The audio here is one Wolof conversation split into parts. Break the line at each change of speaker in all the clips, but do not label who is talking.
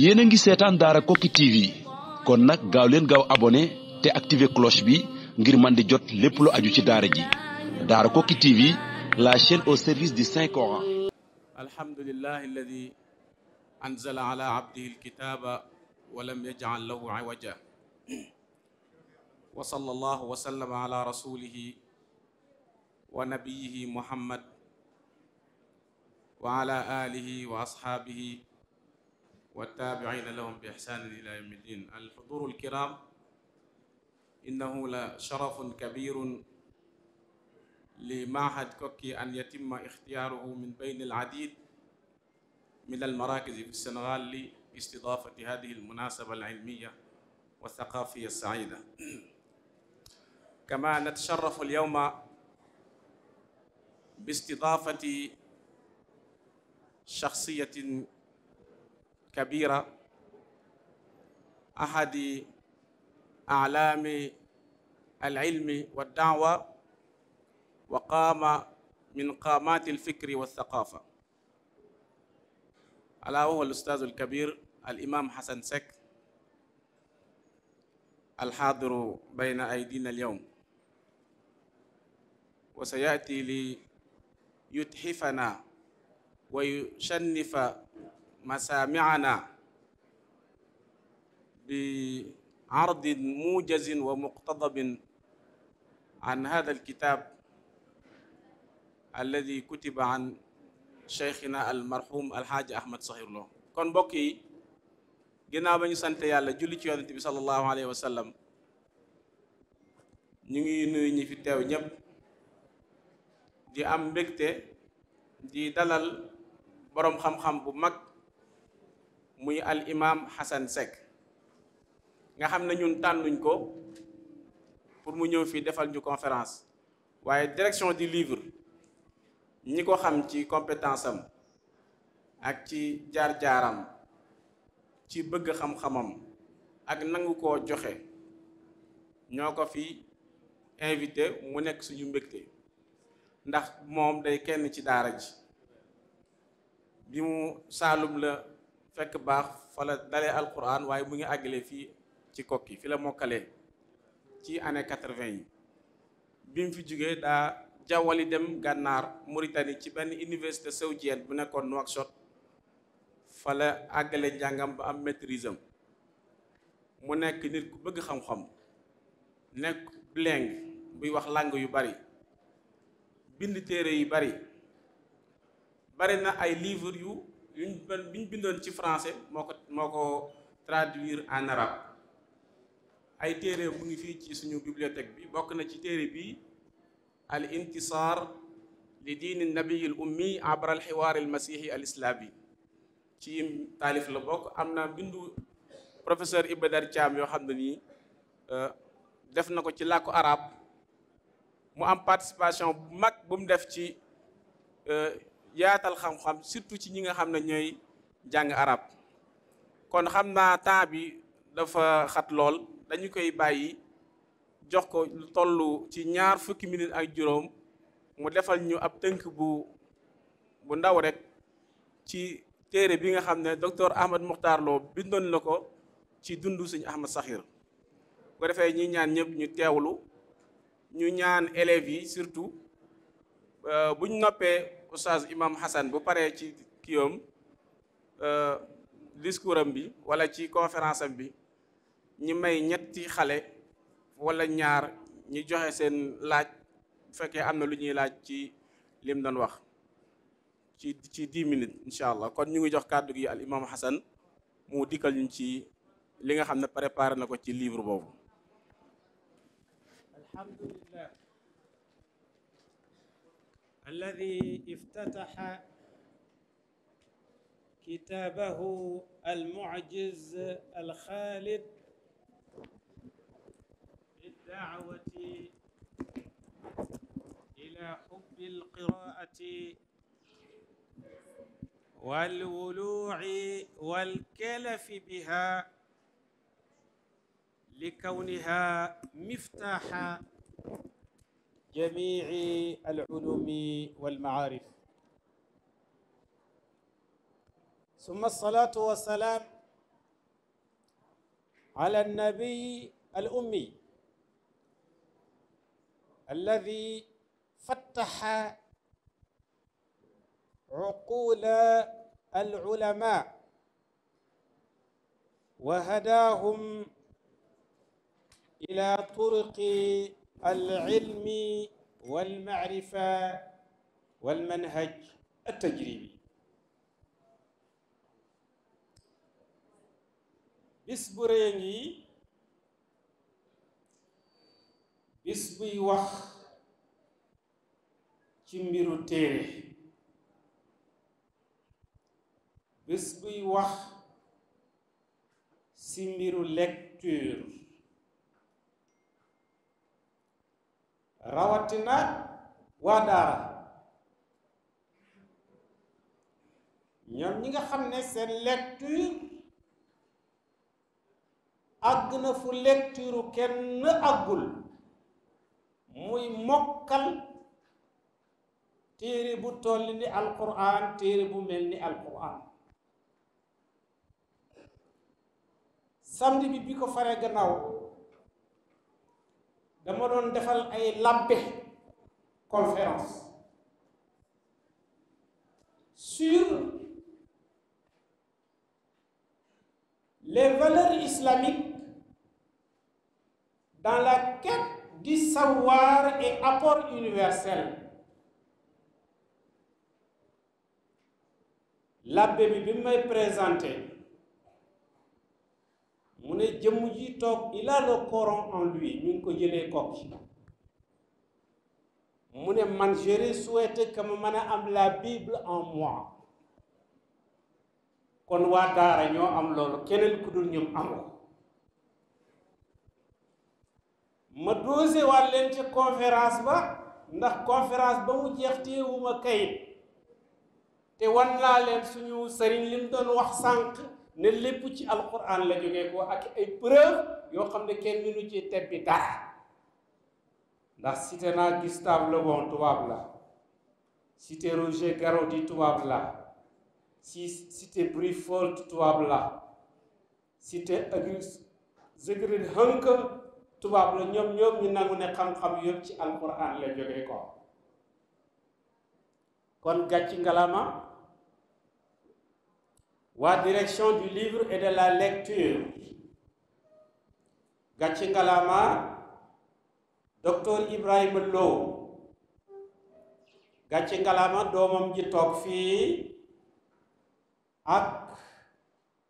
yéen a ngi seetaan daara Koki TV kon nag gaaw leen gaaw abonné te activer cloche bi ngir man di jot lépp lu aju ci daara ji daara Koki TV la chaîne au service di Saint Coran
alhamdulillahi alladi anzala ala abdihi alkitaba wa lam yaj'al lahu iwaja والتابعين لهم بإحسان إلى يوم الدين الحضور الكرام إنه لشرف كبير لمعهد كوكي أن يتم اختياره من بين العديد من المراكز في السنغال لاستضافة هذه المناسبة العلمية والثقافية السعيدة كما نتشرف اليوم باستضافة شخصية كبيرة أحد أعلام العلم والدعوة وقام من قامات الفكر والثقافة ألا وهو الأستاذ الكبير الإمام حسن سك الحاضر بين أيدينا اليوم وسيأتي ليتحفنا ويشنف masaami'ana bi ardin muujazin wa muqtadabin an haadha alkitab alladi kon mbokk yi ginnaaw ba ñu sant yàlla julli ci yonent bi sallallahu alayhi wa sallam ñu ngi nuyu ñi fi teew ñépp di am mbégte di dalal boroom xam-xam bu mag muy al imam Xasan Seck nga xam ne ñun tànnuñ ko pour mu ñëw fii defal ñu conférence waaye direction di livre ñi ko xam ci compétence am ak ci jaar-jaaram ci bëgg xam-xamam ak nangu ko joxe ñoo ko fi invité mu nekk suñu mbégte ndax moom day kenn ci daara ji bi mu Saalum la fekk baax fa la dalee alquran waaye mu ngi àggale fii ci kokki fi la mokkalee ci année quatre-vingt yi bi mu fi jógee daa jawwali dem gànnaar Mauritanie ci benn université saoudienne bu nekkoon Nouakchott fa la àggale njàngam ba am maîtrise mu nekk nit ku bëgg xam-xam nekk bilingue buy wax langue yu bari bind téere yu bari bari na ay livre yu yuñ biñ bindoon ci français moo ko moo ko traduire en arabe ay téere mu ngi fii ci suñu bibliothèque bi bokk na ci téere bi al intisar li diini nabiyi l ummi abra al xiwaar al masihi al islaami ci taalif la bokk am na bindu professeur Iba Dar yoo xam ne nii euh, def na ko ci làkku arab mu am participation bu mag bu mu def ci euh, yaatal xam-xam surtout ci ñi nga xam ne ñooy jàng arab kon xam naa temps bi dafa xat lool dañu koy bàyyi jox ko lu toll ci ñaar fukki minutes ak juróom mu defal ñu ab tënk bu bu ndaw rek ci téere bi nga xam ne docteur Ahmad Mokhtar Lo bindoon na ko ci dundu suñu Ahmad Saxir bu defee ñi ñaan ñëpp ñu teewlu ñu ñaan élèves yi surtout euh, bu ñu noppee. oustaz imam Hassan bu paree ci kiyoom euh, discours am bi wala ci conférence am bi ñi may ñetti xale wala ñaar ñi joxe seen laaj bu fekkee am na lu ñuy laaj ci lim doon wax ci ci dix minutes incha allah kon ñu ngi jox kàddu gi al imam Hassan mu dikkal ñu ci li nga xam ne préparer na ko ci livre boobu
الذي افتتح كتابه المعجز الخالد للدعوة إلى حب القراءة والولوع والكلف بها لكونها مفتاح جميع العلوم والمعارف ثم الصلاة والسلام على النبي الأمي الذي فتح عقول العلماء وهداهم إلى طرق alilmi walmaarifa walmanhaj altajribi bis bu rëy ngi bis buy wax ci mbiru téere bis buy wax ci mbiru lecture rawatina waa daara ñoom ñi nga xam ne seen lecture àgg na fu lecture kenn àggul muy mokkal téere bu toll ni alquran téere bu mel ni alquran samedi bi bi ko faree gannaaw dama doon defal ay làmpe conférence sur les valeurs islamiques dans la quête du savoir et apport universel l'abbé bi bi may présenté mu ne jëmm ji toog il a le Coran en lui ñu ngi ko jëlee kokki mu ne man j'aurais souhaité que ma mën a am la Bible en moi kon waa daara ñoo am loolu keneen ku dul am ko ma dosé waat leen ca conférence ba ndax conférence ba mu jeex teewuma kayit te wan naa leen suñu sëriñ li mu doon wax sànq ne lépp ci alquran la jógee ko ak ay preuve yoo xam ne kenn mënu ci tebbi ndax cité naa Gustave Le Bon tubaab la cité Roger Garaudy tubaab la si cité Brifold tubaab la cité Auguste Segrin Hanke tubaab la ñoom ñoom ñu nangu ne xam-xam yëpp ci alquran la joge ko kon gàcci ngalama waa direction du livre et de la lecture gàcci ngalaama docteur Ibrahima Lo gàcci ngalaama doomam ji toog fii ak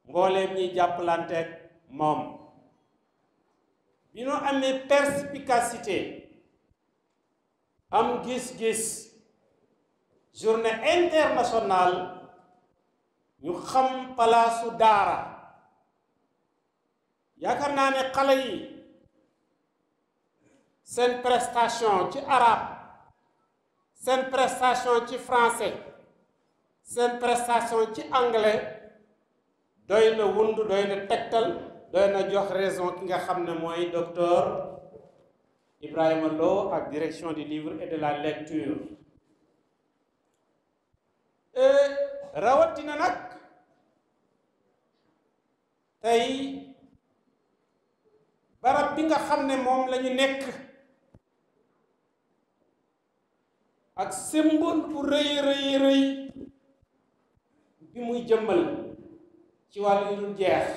mbooleem ñi jàppalanteeg moom bi ñu amee perspicacité am gis-gis journée internationale ñu xam palaasu daara yaakaar naa ne xale yi seen prestation ci arabe seen prestation ci français seen prestation ci anglais doy na wund doy na tegtal doy na jox raison ki nga xam ne mooy docteur ibrahim Lo ak direction du livre et de la lecture rawatina nag xam ne moom la ñu nekk ak symbole bu rëy rëy rëy bi muy jëmmal ci wàllu yu dul jeex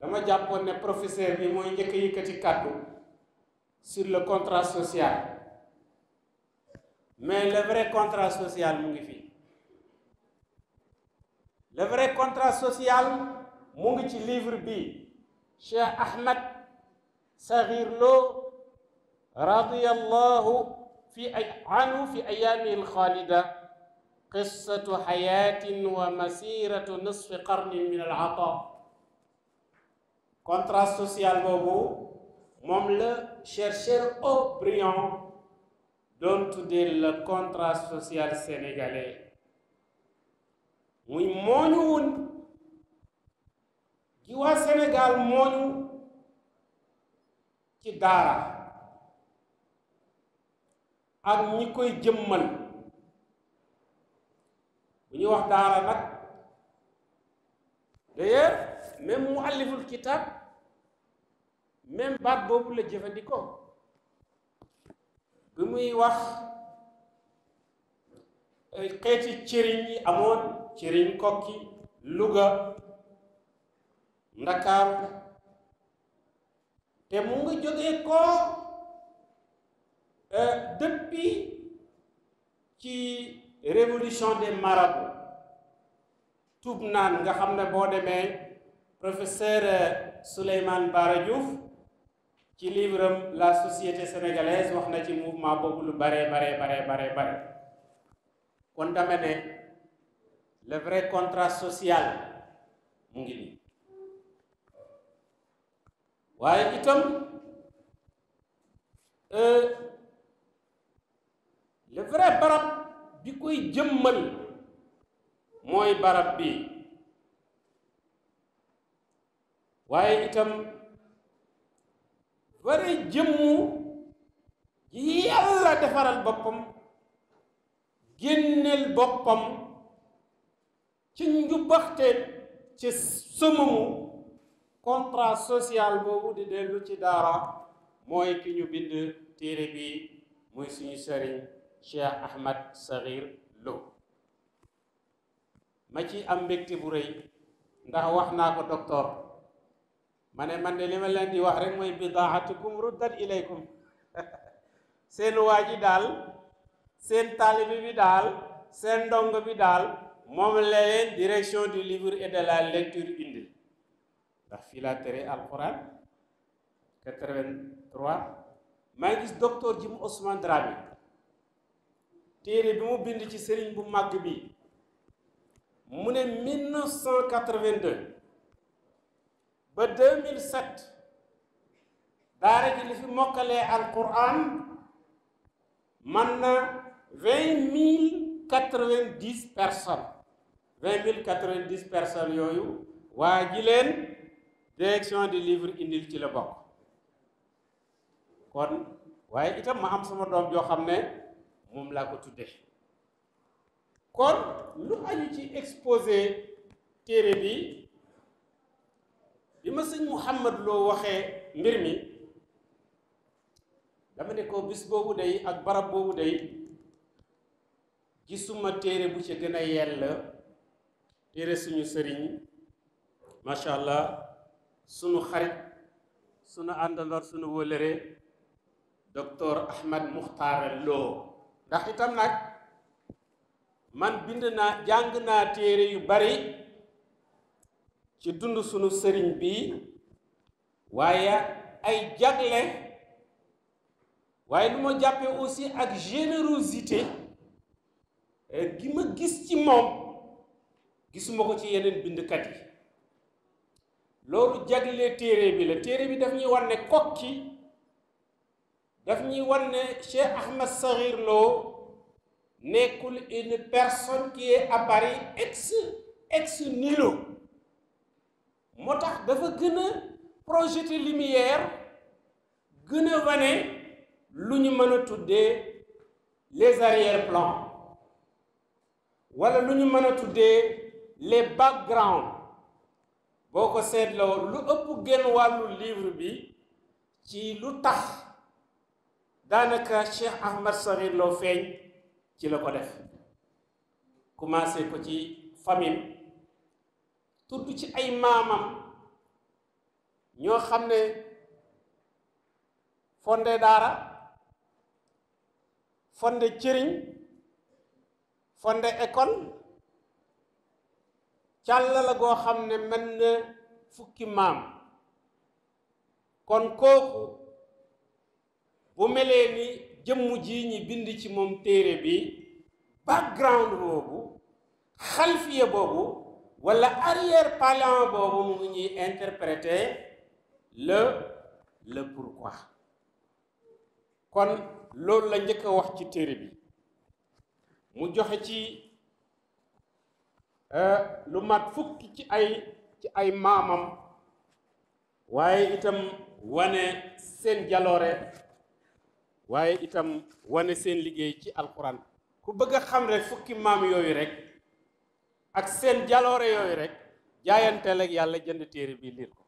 dama jàppoon ne professeur bi mooy njëkk yëkkati kàddu sur le contrat social mais le vrai contrat social mu ngi fi le contrat social mu ngi ci livre bi Cheikh Ahmed saxiir loo radiyallahu fi fi ayaamihi alxaalida qissatu xayaatin wa masiratu nisfi qarnin min alata contrat social boobu moom la chercheur Aubryon doon tuddee le contrat social sénégalais muy mooñu woon Sénégal mooñu ci daara ak ñi koy jëmmal bu ñuy wax daara nag d'ailleurs même mu alliful kitaab même baat boobu la jëfandikoo bi muy wax xeeti cëriñ yi amoon cëriñ kokki Louga Ndakaar te mu ngi jógee koo euh, depuis ci révolution des marabouts tub naan nga xam na boo demee professeur euh, Souleymane Bara ci livre la société sénégalaise wax na ci mouvement boobu lu baree baree baree baree bare kon dama ne le contrat social mu ngi nii waaye itam euh, le vrai barab bi koy jëmmal mooy barab bi waaye itam vrai jëmmu yi yàlla defaral boppam génneel boppam ci njubaxte ci sëmamu contrat social boobu di dellu ci daara mooy ki ñu bind téere bi muy suñu sëriñ Cheikh Ahmad Saghir Lo ma ci am mbekti bu rëy ndax wax naa ko docteur ma ne man de li ma leen di wax rek mooy bidaatukum ruddat ilaykum seen waa ji daal seen taalibi bi daal seen ndongo bi daal moom la direction du livre et de la lecture ndax fii laa tere alquran 83 maa ngi gis docteur ji mu Ousmane téere bi mu bind ci sëriñ bu màgg bi mu ne 1982 ba 2007 daara ji li fi mokkalee alquran man na vingt mille quatre-vingt-dix personnes vingt mille quatre-vingt-dix personnes yooyu waa ji leen direction de livre indil ci la bokk kon waaye itam ma am sama doom joo xam ne moom laa ko tudde kon lu aju ci exposé téere bi bi ma sëñ Mouhamad loo waxee mbir mi dama ne ko bis boobu day ak barab boobu day gisuma téere bu ci gën a yell téere suñu sëriñ macha allah sunu xarit sunu àndandoor sunu wëlëre docteur Ahmed Muxtaar Lo ndax itam nag man bind naa jàng naa téere yu bari ci dund sunu sëriñ bi waaye ay jagle waaye lu ma jàppee aussi ak générosité eh, gi ma gis ci moom gisuma ko ci yeneen bindkat yi loolu jagle téere bi la téere bi daf ñuy wan ne kokki daf ñuy wan ne Cheikh Ahmed Sakhir Lo nekkul une personne qui est à Paris ex ex moo tax dafa gën a projeté lumière gën a wane lu ñu mën a tuddee les arrière-plans wala lu ñu mën a tuddee les backgrounds boo ko seetloo lu ëpp genn wàllu livre bi ci lu tax daanaka Cheikh Ahmad Sakhir Lo feeñ ci la ko def commencé ko ci famille tudd ci ay maamam ñoo xam ne fonde daara fondé cëriñ fondé école càlla la goo xam ne mën na fukki maam kon kooku bu melee ni jëmm ji ñi bind ci moom téere bi background boobu xalfiya boobu wala arrière plan boobu mu ngi ñuy interpréter le le pourquoi kon loolu la njëkk wax ci téere bi mu joxe ci Eh, lu mat fukki ci ay maamam waaye itam wane seen jaloore waaye itam wane seen liggéey ci alquran ku bëgg a xam rek fukki maam yooyu rek ak seen jaloore yooyu rek jaayanteel ak yàlla jënd téere bi liir ko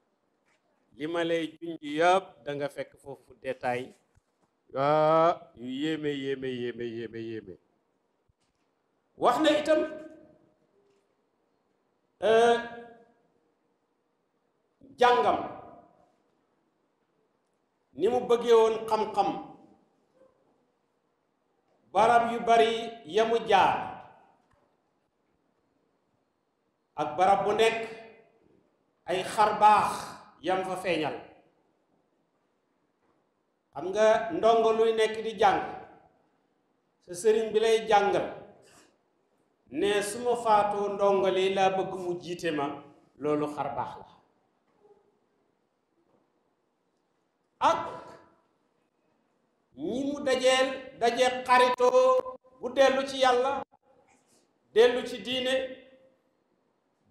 li ma lay junj yëpp da fekk foofu détail ah, yu yéeme yéeme yéeme yéeme wax na itam Euh, jàngam ni mu bëggee woon xam-xam barab yu bari yamu jaar ak barab bu nekk ay xar baax yam fa feeñal xam nga ndongo luy nekk di jàng sa sëriñ bi lay jàngal ne su faatoo ndongo li laa bëgg jiite ma loolu xar baax la ak ñi mu dajeel daje xaritoo bu dellu ci yàlla dellu ci diine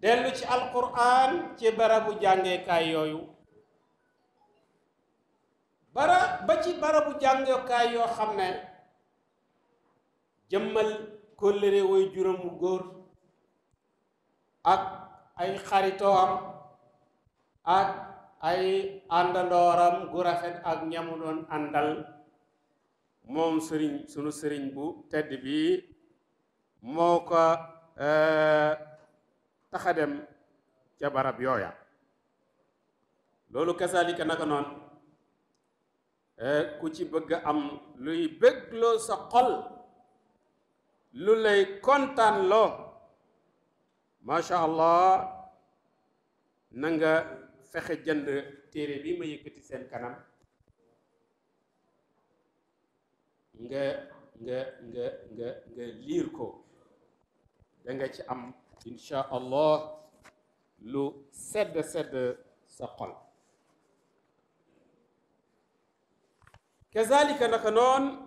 dellu ci alquran ci barabu jàngeekaay yooyu bara ba ci barabu jàngeekaay yoo xam ne jëmmal kóllëre woy juróom góor ak ay xaritoom ak ay àndandooram gu rafet ak ñamu doon àndal moom sëriñ sunu sëriñ bu tedd bii moo ko e, taxa dem ca barab yooya loolu kasaalika naka noon e, ku ci bëgg am luy bégloo sa xol lu lay kontaan loo macha allah na nga fexe jënd téere bi ma yëkkati seen kanam nga nga nga nga liir ko da nga ci am incha allah lu sedd sedd sa xol kazalika naka noon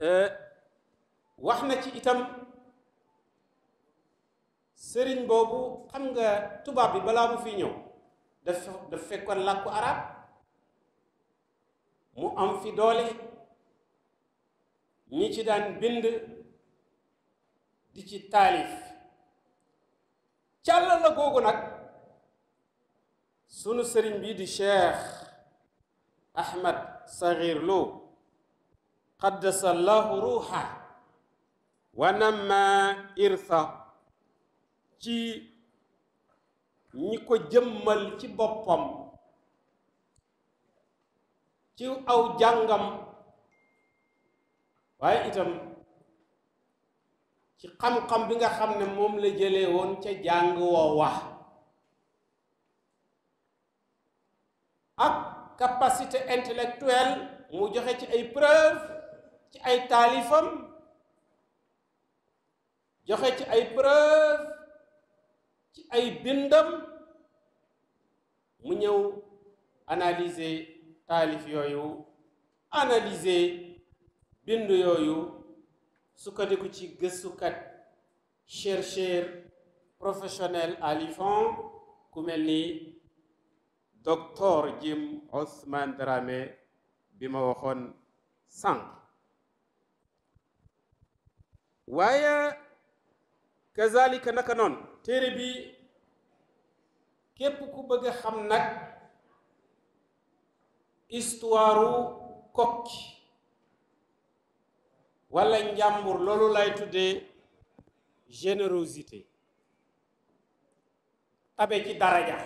Euh, wax na ci itam sëriñ boobu xam nga tubaab bi balaa mu fi ñëw daf daf fekkoon làkku arab mu am fi doole ñi ci daan bind di ci taalif càll la googu nag sunu sëriñ bii di cheikh ahmad saxiir loo qaddasa allahu ruuxa wa namma irsa ci ñi ko jëmmal ci boppam ci aw jàngam waaye itam ci xam-xam bi nga xam ne moom la jëlee woon ca jàng woo wax ak capacité intellectuelle mu joxe ci ay ci ay taalifam joxe ci ay preuve ci ay bindam mu ñëw analyser taalif yooyu analyser bind yooyu sukkandiku ci gëstukat chercheur professionnel alifan ku mel ni docteur Jim Ousmane Dramé bi ma waxoon sànq waaye kazalika naka noonu téere bi képp ku bëgg a xam nag histoire kokki wala njàmbur loolu lay tuddee générosité tabe ci daraja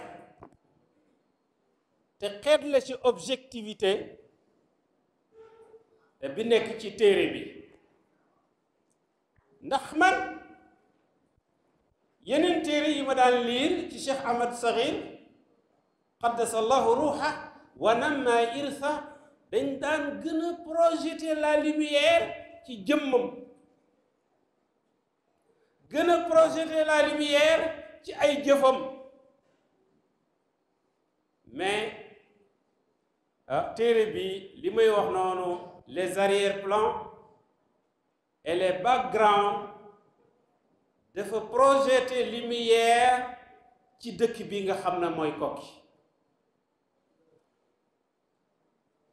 te xeet la ci objectivité te bi nekk ci téere bi ndax man yeneen téere yi ma daan liir ci Cheikh Ahmad Saxiir qaddasa allahu ruuxa wa namma irsa dañ daan gën a projeter la lumière ci jëmmam gën projet projeter la lumière ci ay jëfam mais ah téere bi li may wax noonu les arrière-plans et les backgrounds dafa projeter lumière ci dëkk bi nga xam ne mooy Koki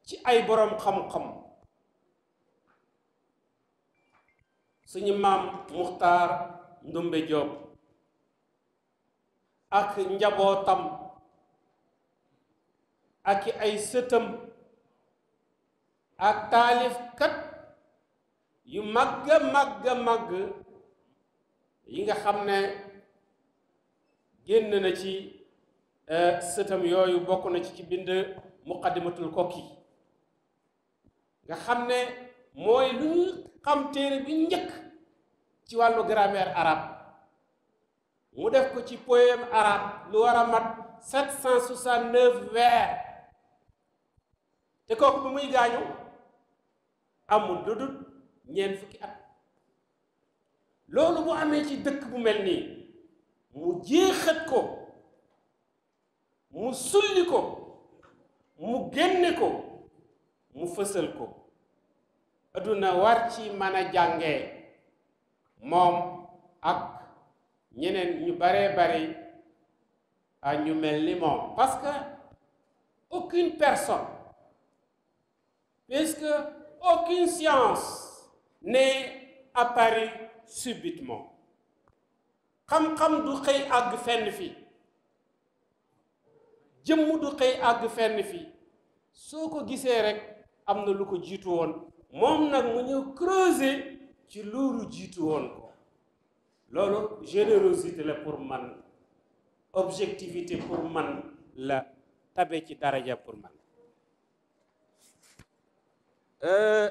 ci ay boroom xam-xam suñu maam Muxtaar Ndumbe Joob ak njabootam ak ay sëtam ak taalifkat yu màgg a màgg yi nga xam ne génn na ci euh, sëtam yooyu bokk na ci ci bind muqaddimatul kokki nga xam ne mooy lu ñu xam téere bi njëkk ci wàllu grammaire arabe mu def ko ci poème arabe lu war a mat 769 vers te kooku bi muy gaañu amul lu dul ñeent fukki at loolu bu amee ci dëkk bu mel nii mu jeexat ko mu sulli ko mu génne ko mu fësal ko adduna war ci mën a jàngee moom ak ñeneen ñu baree bari ak ñu mel ni moom parce que aucune personne puisque aucune science ne apparaît subitement xam-xam du xëy àgg fenn fi jëmm du xëy àgg fenn fi soo ko gisee rek am na lu ko jiitu woon moom nag mu ñëw creuser ci loolu jiitu woon ko loolu générosité la pour man objectivité pour man la tabe ci daraja pour man euh,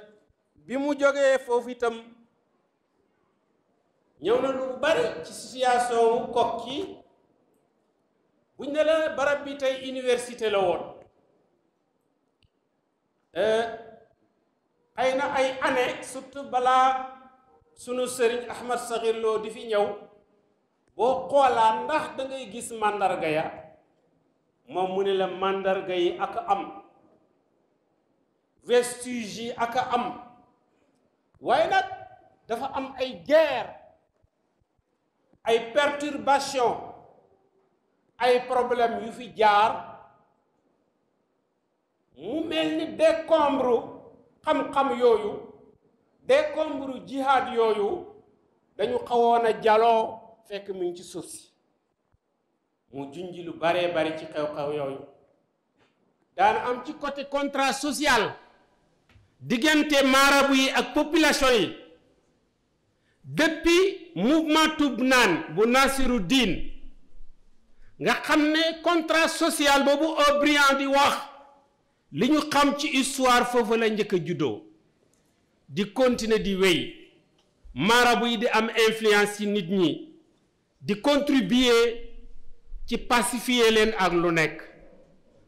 bi mu jógee foofu itam ñëw na lu bari ci situation wu kokki buñ ne la barab bi tey université la woon ay euh, na ay année surtout balaa sunu sëriñ Ahmad Saxir di fi ñëw boo xoolaa ndax dangay gis màndarga ya moom mu ne la màndarga yi ak am vestige yi ak am waaye nag dafa am ay guerre ay perturbation ay problème yu fi jaar mu mel ni décombre xam-xam yooyu décombre jihad yooyu dañu xawoon a jaloo fekk mu ngi ci suuf si mu junji lu baree bari ci xew-xew yooyu daana am ci côté contrat social diggante maarabu yi ak population yi depuis mouvement naan bu Nasiru Diin nga xam ne contrat social boobu O'Brien di wax li ñu xam ci histoire foofu la njëkk a juddoo di continuer di wéy marabu yi di am influence yi nit ñi di contribuer ci pacifier leen ak lu nekk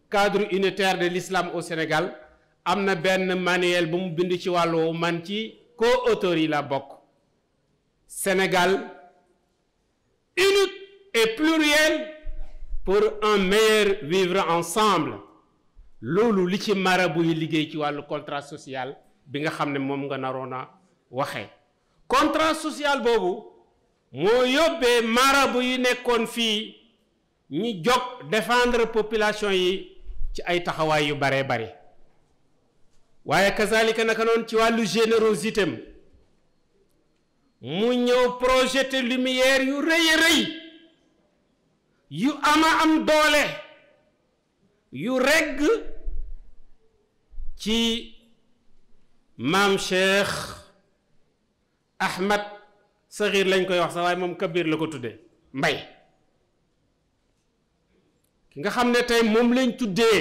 cadre unitaire de l'islam au Sénégal am na benn manuel bu mu bind ci wàllu man ci co-auteur la bokk Sénégal unique et pluriel pour un meilleur vivre ensemble loolu li ci marabu yi liggéey ci wàllu contrat social bi nga xam ne moom nga naroon a waxee contrat social boobu moo yóbbee marabu yi nekkoon fii ñi jóg défendre population yi ci ay taxawaay yu baree bari waaye kazalika naka noonu ci wàllu générosité am mu ñëw projet projeté lumière yu rëy a yu ama am doole yu regg ci maam Cheikh Ahmad Saxiir lañ koy wax sax waaye moom Kabir la ko tudde mbay ki nga xam ne tey moom lañ tuddee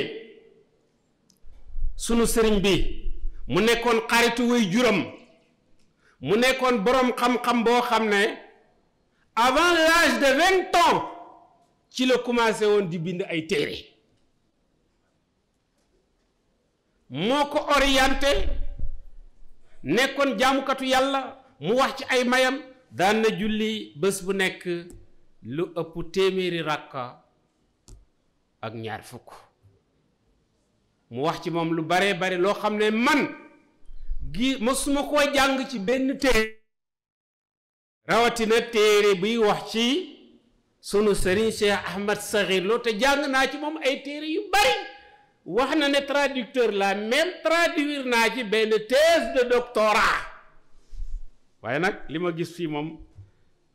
sunu sëriñ bi mu nekkoon xaritu way juram mu nekkoon boroom xam-xam boo xam ne avant l'âge de vingt ans ci la commencé woon di bind ay téere moo ko orienté nekkoon jaamukatu yàlla mu wax ci ay mayam daan julli bés bu nekk lu ëpp téeméeri ràkka ak ñaar fukk mu wax ci moom lu baree bari loo xam ne man gi mësuma koo jàng ci benn téere rawatina téere buy wax ci sunu sëriñ Cheikh Ahmad Saxir Lo te jàng naa ci moom ay téere yu bari wax na ne traducteur la même traduire naa ci benn thèse de doctorat waaye nag li ma gis fii moom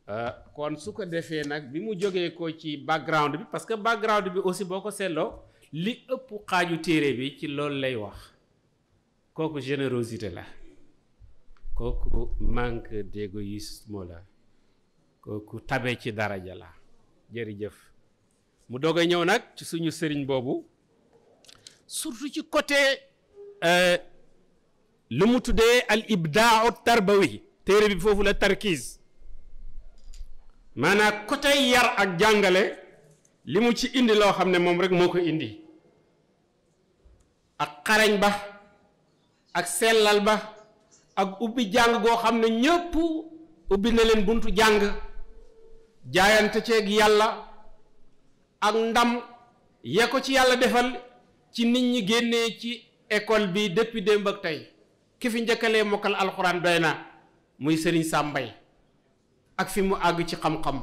euh, kon su ko defee nag bi mu jógee ko ci background bi parce que background bi aussi boo ko seetloo li ëpp xaaju téere bi ci loolu lay wax kooku générosité la kooku manque d'égoïsme la kooku tabe ci daraja la jërëjëf mu doog ñëw nag ci suñu sëriñ boobu surtout ci côté euh, lu mu tuddee al ibdaa tarbawi téere bi foofu la tarkiis maanaam côté yar ak jàngale li mu ci indi loo xam ne moom rek moo ko indi ak xarañ ba ak sellal ba ak ubbi jàng goo xam ne ñépp ubbi na leen buntu jàng jaayante ceeg yàlla ak ndam yee ko ci yàlla defal ci nit ñi génnee ci école bi depuis démb ak tey ki fi njëkkalee mokkal alxuraan doy na muy sëriñ Sàmbay ak fi mu àgg ci xam-xam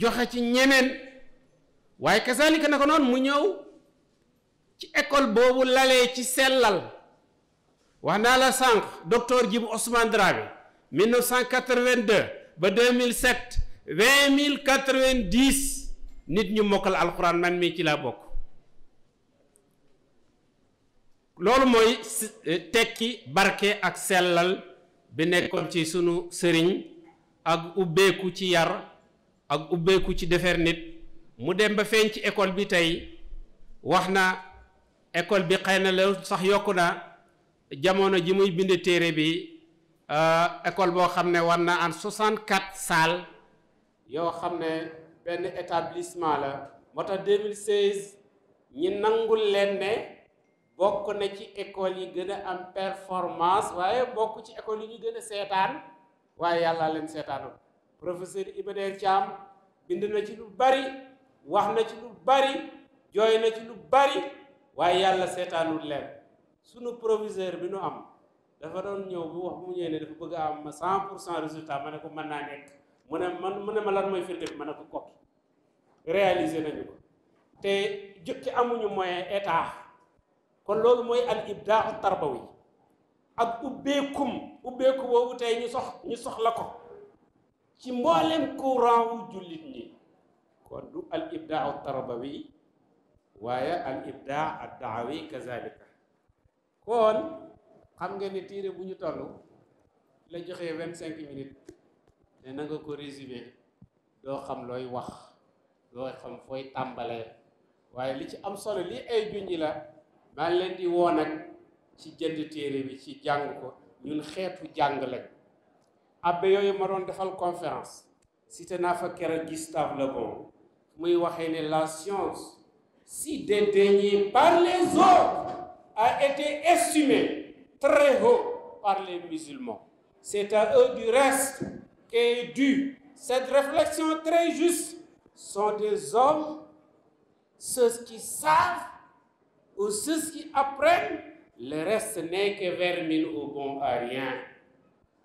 joxe ci ñeneen waaye kasaalika na ko noonu mu ñëw ci école boobu lalee ci sellal wax naa la sànq docteur Djibu Ousmane Dramé 1982 ba 2007 20 090 nit ñu mokkal alxuraan man mii ci laa bokk loolu mooy eh, tekki barke ak sellal bi nekkoon ci sunu sëriñ ak ubbeeku ci yar ak ubbeeku ci defar nit mu dem ba feeñ ci école bi tey wax na école bi xëy na la sax yokku na jamono ji muy bind téere bi euh, école boo xam ne war na am 64 salles yoo xam ne benn établissement la moo tax 2016 ñi nangul leen ne bokk na ci école yi gën a am performance waaye bokk ci école yi ñu gën a seetaan waaye yàlla leen seetaanul professeur Iba Der bind na ci lu bari wax na ci lu bari jooy na ci lu bari waaye yàlla seetaanul leen sunu proviseur bi nu am dafa doon ñëw bu wax bu mu ñëwee ne dafa bëgg am ma cent pour cent résultat ma ne ko mën naa nekk mu ne man mu ne ma lan mooy firnde bi ma ne ko kokki réaliser nañu ko te ci amuñu moyen état kon loolu mooy al ibdaa tarbawi ak ubbeekum ubbeeku boobu tey ñu sox ñu soxla ko ci mboolem courant wu jullit ñi kon du al waaye al ibdaa ad daawi kazalika kon xam nga ni téere bu ñu toll la joxee vingt cinq minutes ne na nga ko résime doo xam looy wax doo xam fooy tàmbalee waaye li ci am solo li ay junj la maa leen di woo ci jënd téere bi ci jàng ko ñun xeetu jàng lañ abbe yooyu ma doon defal conférence cité naa fa keroog Gustave Le Bon muy waxee ne la science si dédaigné par les autres, a été estimé très haut par les musulmans. C'est à eux du reste qu'est due cette réflexion très juste. Sont des hommes, ceux qui savent ou ceux qui apprennent, le reste n'est que vermine au bon à rien.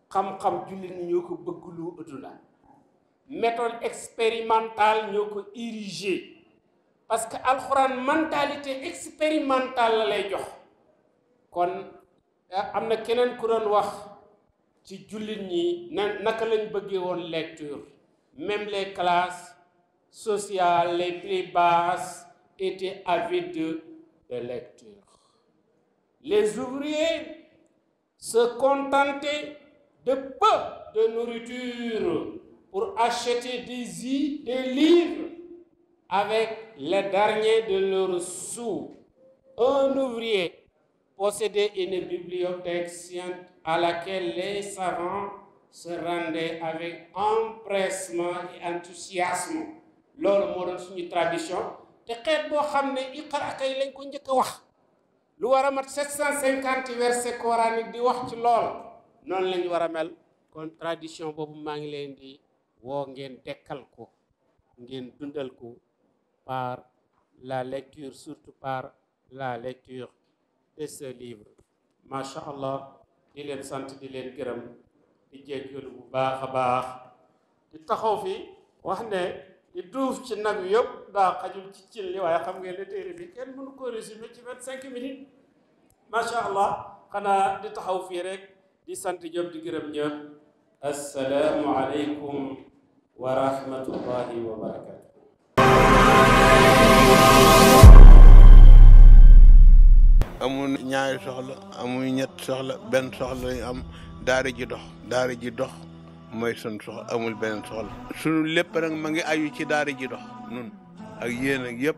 xam-xam jullit ñi ñoo ko bëgg lu ëttu la méthode expérimentale ñoo ko érigé parce que alxuraan mentalité expérimentale la lay jox kon eh, am na keneen ku doon wax ci jullit ñi na naka lañ bëggee woon lecture même les classes sociales les plus basses étaient avides de de lecture les ouvriers se contentaient de de nourriture pour acheter des i des livres avec les derniers de leurs sous. Un ouvrier possédait une bibliothèque à laquelle les savants se rendaient avec empressement et enthousiasme loolu moo suñu tradition te xeet boo xam ne iqra kay lañ ko njëkk a wax lu war a mat 750 versets coraniques di wax ci lool noonu lañ war a mel kon tradition boobu maa ngi leen di woo ngeen dekkal ko ngeen dundal ko par la lecture, surtout par la lecture de ce livre. macha allah di leen sant di leen gërëm di jégalu bu baax a baax di taxaw fi wax ne di duuf ci nag yëpp daa xajul ci cin li waaye xam ngeen ne téere bi kenn ko résumer ci vingt cinq minutes macha allah xanaa di taxaw fii rek di sant ñëpp di gërëm ñëpp assalaamu aleykum wa rahmatullahi ñaari soxla amuñu ñett soxla benn soxla lañu am daara ji dox daara ji dox mooy sun soxla amul
beneen soxla sunu lépp ma ngi ayu ci daara ji dox nun ak yéen ak yëpp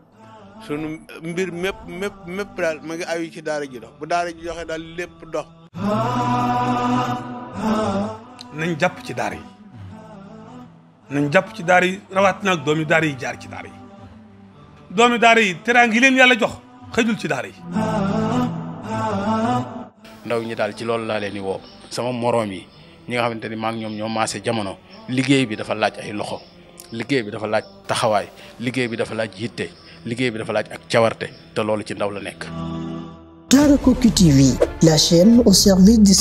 sunu mbir mépp mépp mépp ma ngi ayu ci daara ji dox bu daara ji doxee daal lépp dox nañ jàpp ci daara yi nañ jàpp ci daara yi rawaat nag doomi daara yi jaar ci daara yi doomi daara yi teraangi leen yàlla jox xëjul ci daara yi ndaw ñi daal ci loolu laa leen di woo sama moroom yi ñi nga xamante ni maa ngi ñoom ñoo maase jamono liggéey bi dafa laaj ay loxo liggéey bi dafa laaj taxawaay liggéey bi dafa laaj yitte liggéey bi dafa laaj ak cawarte te loolu ci ndaw la nekk.
Daara Koki TV la chaîne au service du